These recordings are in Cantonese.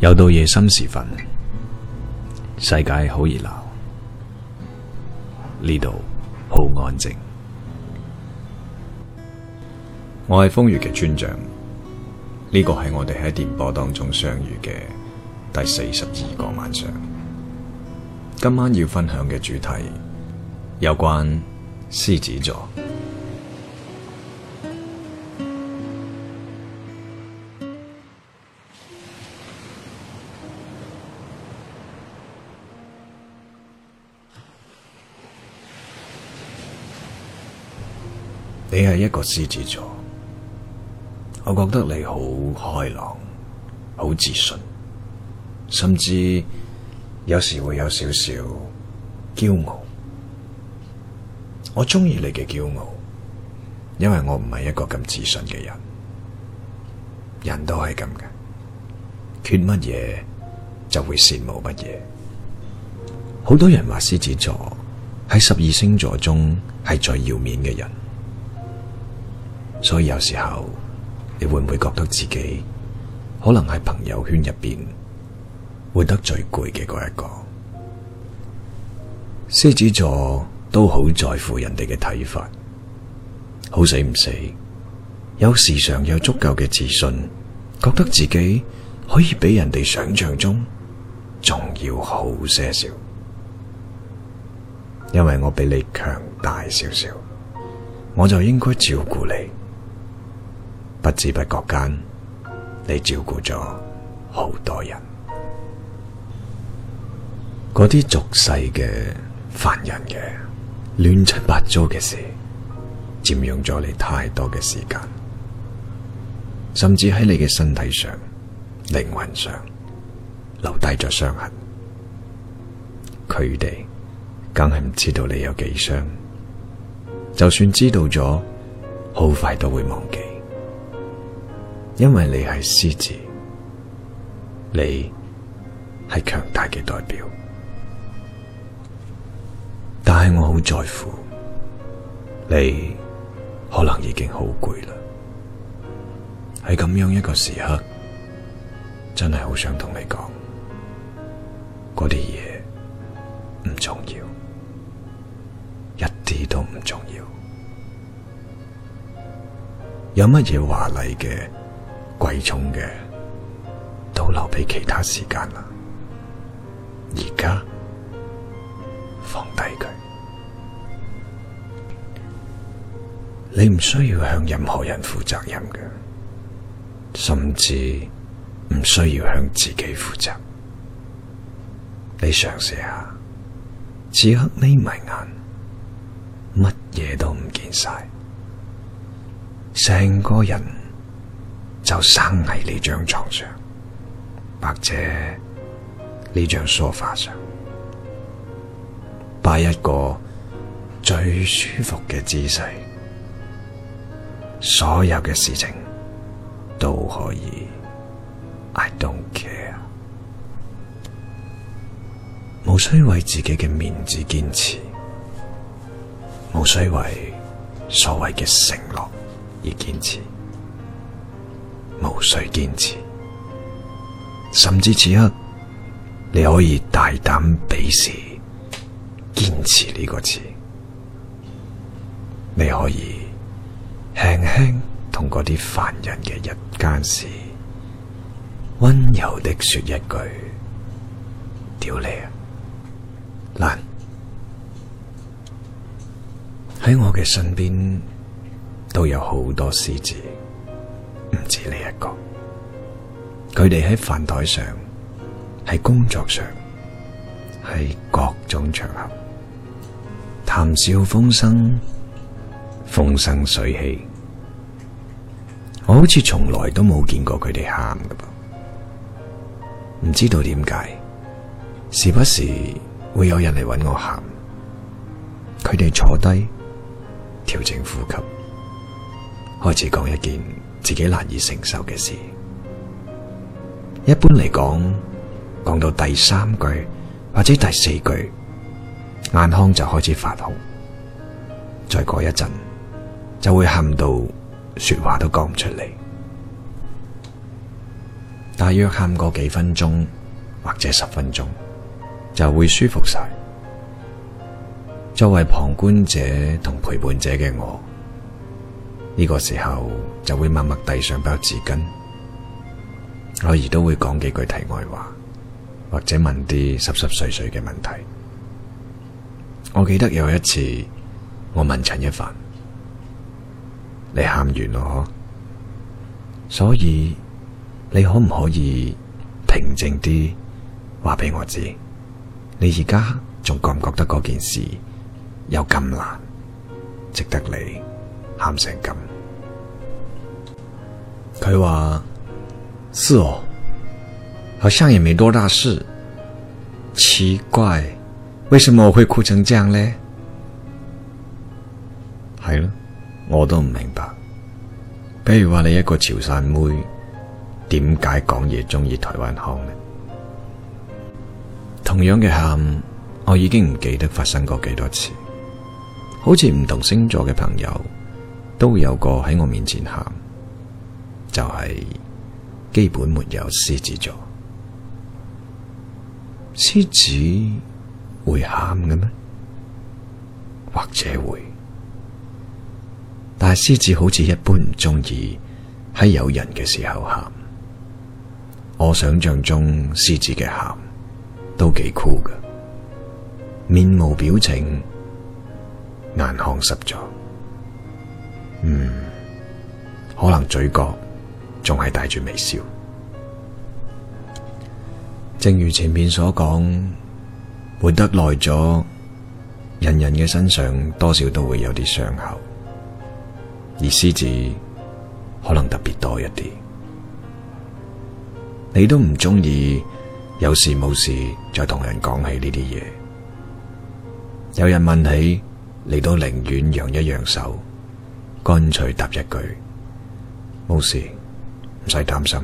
又到夜深時分，世界好熱鬧，呢度好安靜。我係瘋粵嘅村長，呢、這個係我哋喺電波當中相遇嘅第四十二個晚上。今晚要分享嘅主題有關獅子座。你係一個獅子座，我覺得你好開朗，好自信，甚至有時會有少少驕傲。我鍾意你嘅驕傲，因為我唔係一個咁自信嘅人。人都係咁嘅，缺乜嘢就會羨慕乜嘢。好多人話獅子座喺十二星座中係最要面嘅人。所以有時候，你會唔會覺得自己可能喺朋友圈入邊活得最攰嘅嗰一個？獅子座都好在乎人哋嘅睇法，好死唔死，有時常有足夠嘅自信，覺得自己可以比人哋想象中仲要好些少，因為我比你強大少少，我就應該照顧你。不知不覺間，你照顧咗好多人，嗰啲俗世嘅煩人嘅亂七八糟嘅事，佔用咗你太多嘅時間，甚至喺你嘅身體上、靈魂上留低咗傷痕。佢哋梗係唔知道你有幾傷，就算知道咗，好快都會忘記。因為你係獅子，你係強大嘅代表，但係我好在乎，你可能已經好攰啦。喺咁樣一個時刻，真係好想同你講，嗰啲嘢唔重要，一啲都唔重要。有乜嘢華麗嘅，貴重嘅都留俾其他時間啦，而家放低佢，你唔需要向任何人負責任嘅，甚至唔需要向自己負責。你嘗試下，此刻眯埋眼，乜嘢都唔見晒，成個人，就生喺呢張床上，或者呢張梳化上，擺一個最舒服嘅姿勢，所有嘅事情都可以，I don't care，無需為自己嘅面子堅持，無需為所謂嘅承諾而堅持。無需堅持，甚至此刻你可以大膽鄙視“堅持”呢個詞，你可以輕輕同嗰啲煩人嘅日間事温柔地說一句：“屌你啊！”嗱，喺我嘅身邊都有好多獅子。只你一個，佢哋喺飯台上，喺工作上，喺各種場合談笑風生，風生水起。我好似從來都冇見過佢哋喊㗎噃，唔知道點解，時不時會有人嚟揾我喊。佢哋坐低，調整呼吸，開始講一件。自己難以承受嘅事，一般嚟講，講到第三句或者第四句，眼眶就開始發紅，再過一陣就會喊到說話都講唔出嚟，大約喊過幾分鐘或者十分鐘就會舒服晒。作為旁觀者同陪伴者嘅我。呢個時候就會默默遞上包紙巾，偶爾都會講幾句題外話，或者問啲十十碎碎嘅問題。我記得有一次，我問陳一凡：你喊完咯，所以你可唔可以平靜啲話俾我知，你而家仲覺唔覺得嗰件事有咁難，值得你喊成咁？佢話：是哦，好像也沒多大事。奇怪，為什麼我會哭成這樣呢？係咯，我都唔明白。比如話你一個潮汕妹，點解講嘢中意台灣腔呢？同樣嘅喊，我已經唔記得發生過幾多次。好似唔同星座嘅朋友，都有過喺我面前喊。就係基本沒有獅子座，獅子會喊嘅咩？或者會，但係獅子好似一般唔中意喺有人嘅時候喊。我想象中獅子嘅喊都幾酷㗎，面無表情，眼眶濕咗，嗯，可能嘴角，仲係帶住微笑，正如前面所講，活得耐咗，人人嘅身上多少都會有啲傷口，而獅子可能特別多一啲。你都唔中意有事冇事再同人講起呢啲嘢，有人問起，你都寧願揚一揚手，乾脆答一句冇事。唔使擔心，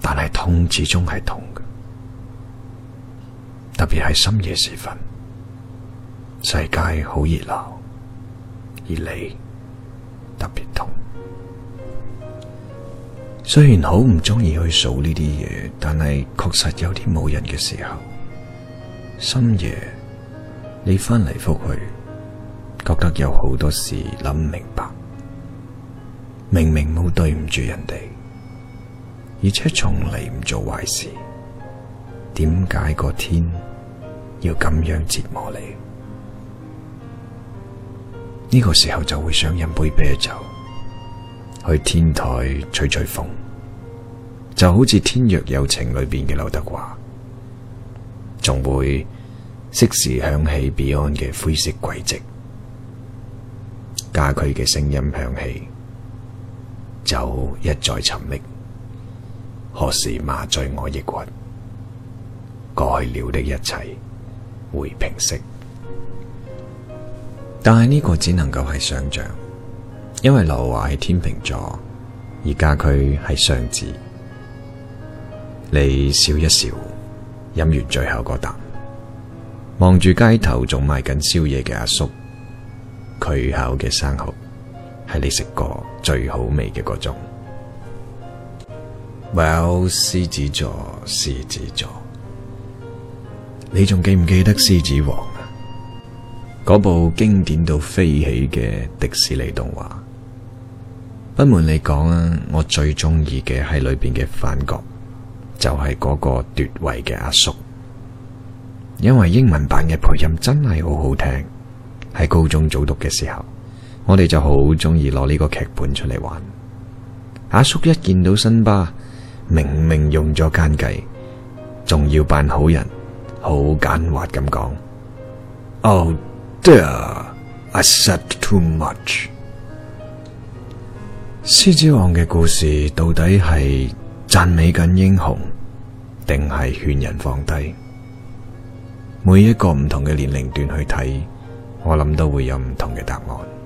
但係痛始終係痛嘅，特別係深夜時分，世界好熱鬧，而你特別痛。雖然好唔中意去數呢啲嘢，但係確實有啲冇人嘅時候，深夜你翻嚟覆去，覺得有好多事諗唔明白。明明冇對唔住人哋，而且從嚟唔做壞事，點解個天要咁樣折磨你？呢個時候就會想飲杯啤酒，去天台吹吹風，就好似《天若有情》裏邊嘅劉德華，仲會適時響起 Beyond 嘅《灰色軌跡》，家駒嘅聲音響起。酒一再沉溺，何時麻醉我抑鬱？過去了的一切會平息，但係呢個只能夠係想象，因為劉華係天秤座，而家駒係雙子。你笑一笑，飲完最後個啖，望住街頭仲賣緊宵夜嘅阿叔，佢烤嘅生蠔係你食過，最好味嘅嗰種，Well，獅子座，獅子座，你仲記唔記得獅子王啊？嗰部經典到飛起嘅迪士尼動畫，不瞞你講啊，我最中意嘅喺裏邊嘅反角，就係、是、嗰個奪位嘅阿叔，因為英文版嘅配音真係好好聽，喺高中早讀嘅時候，我哋就好中意攞呢個劇本出嚟玩。阿叔一見到辛巴，明明用咗奸計，仲要扮好人，好奸猾咁講。Oh dear, I said too much。獅子王嘅故事到底係讚美緊英雄，定係勸人放低？每一個唔同嘅年齡段去睇，我諗都會有唔同嘅答案。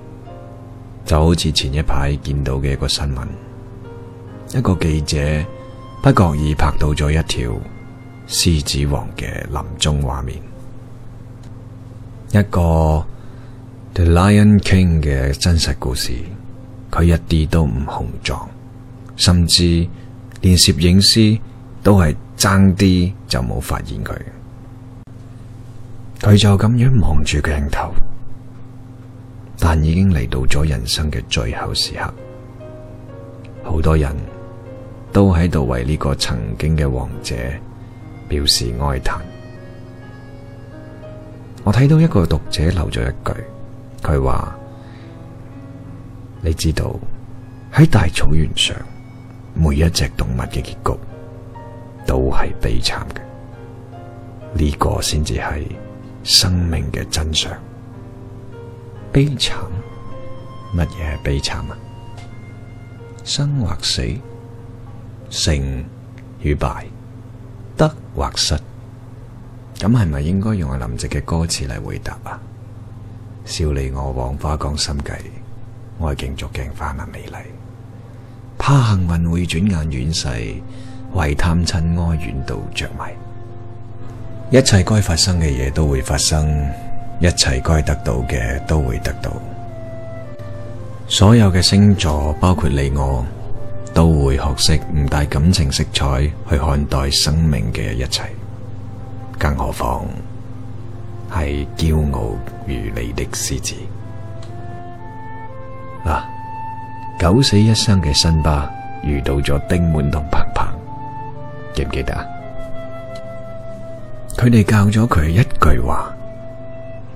就好似前一排見到嘅一個新聞，一個記者不覺意拍到咗一條獅子王嘅臨終畫面，一個 The Lion King 嘅真實故事，佢一啲都唔雄壯，甚至連攝影師都係爭啲就冇發現佢，佢就咁樣望住鏡頭。已經嚟到咗人生嘅最後時刻，好多人都喺度為呢個曾經嘅王者表示哀嘆。我睇到一個讀者留咗一句，佢話：你知道喺大草原上，每一隻動物嘅結局都係悲慘嘅，呢個先至係生命嘅真相。悲慘乜嘢係悲慘啊？生或死，成與敗，得或失，咁係咪應該用阿林夕嘅歌詞嚟回答啊？笑你我枉花光心計，愛競逐鏡花那、啊、美麗，怕幸運會轉眼遠逝，為貪嗔哀怨妒着迷，一切該發生嘅嘢都會發生。一切該得到嘅都會得到，所有嘅星座包括你我都會學識唔帶感情色彩去看待生命嘅一切，更何況係驕傲如你的獅子嗱，啊，九死一生嘅辛巴遇到咗丁滿同彭彭，記唔記得啊？佢哋教咗佢一句話。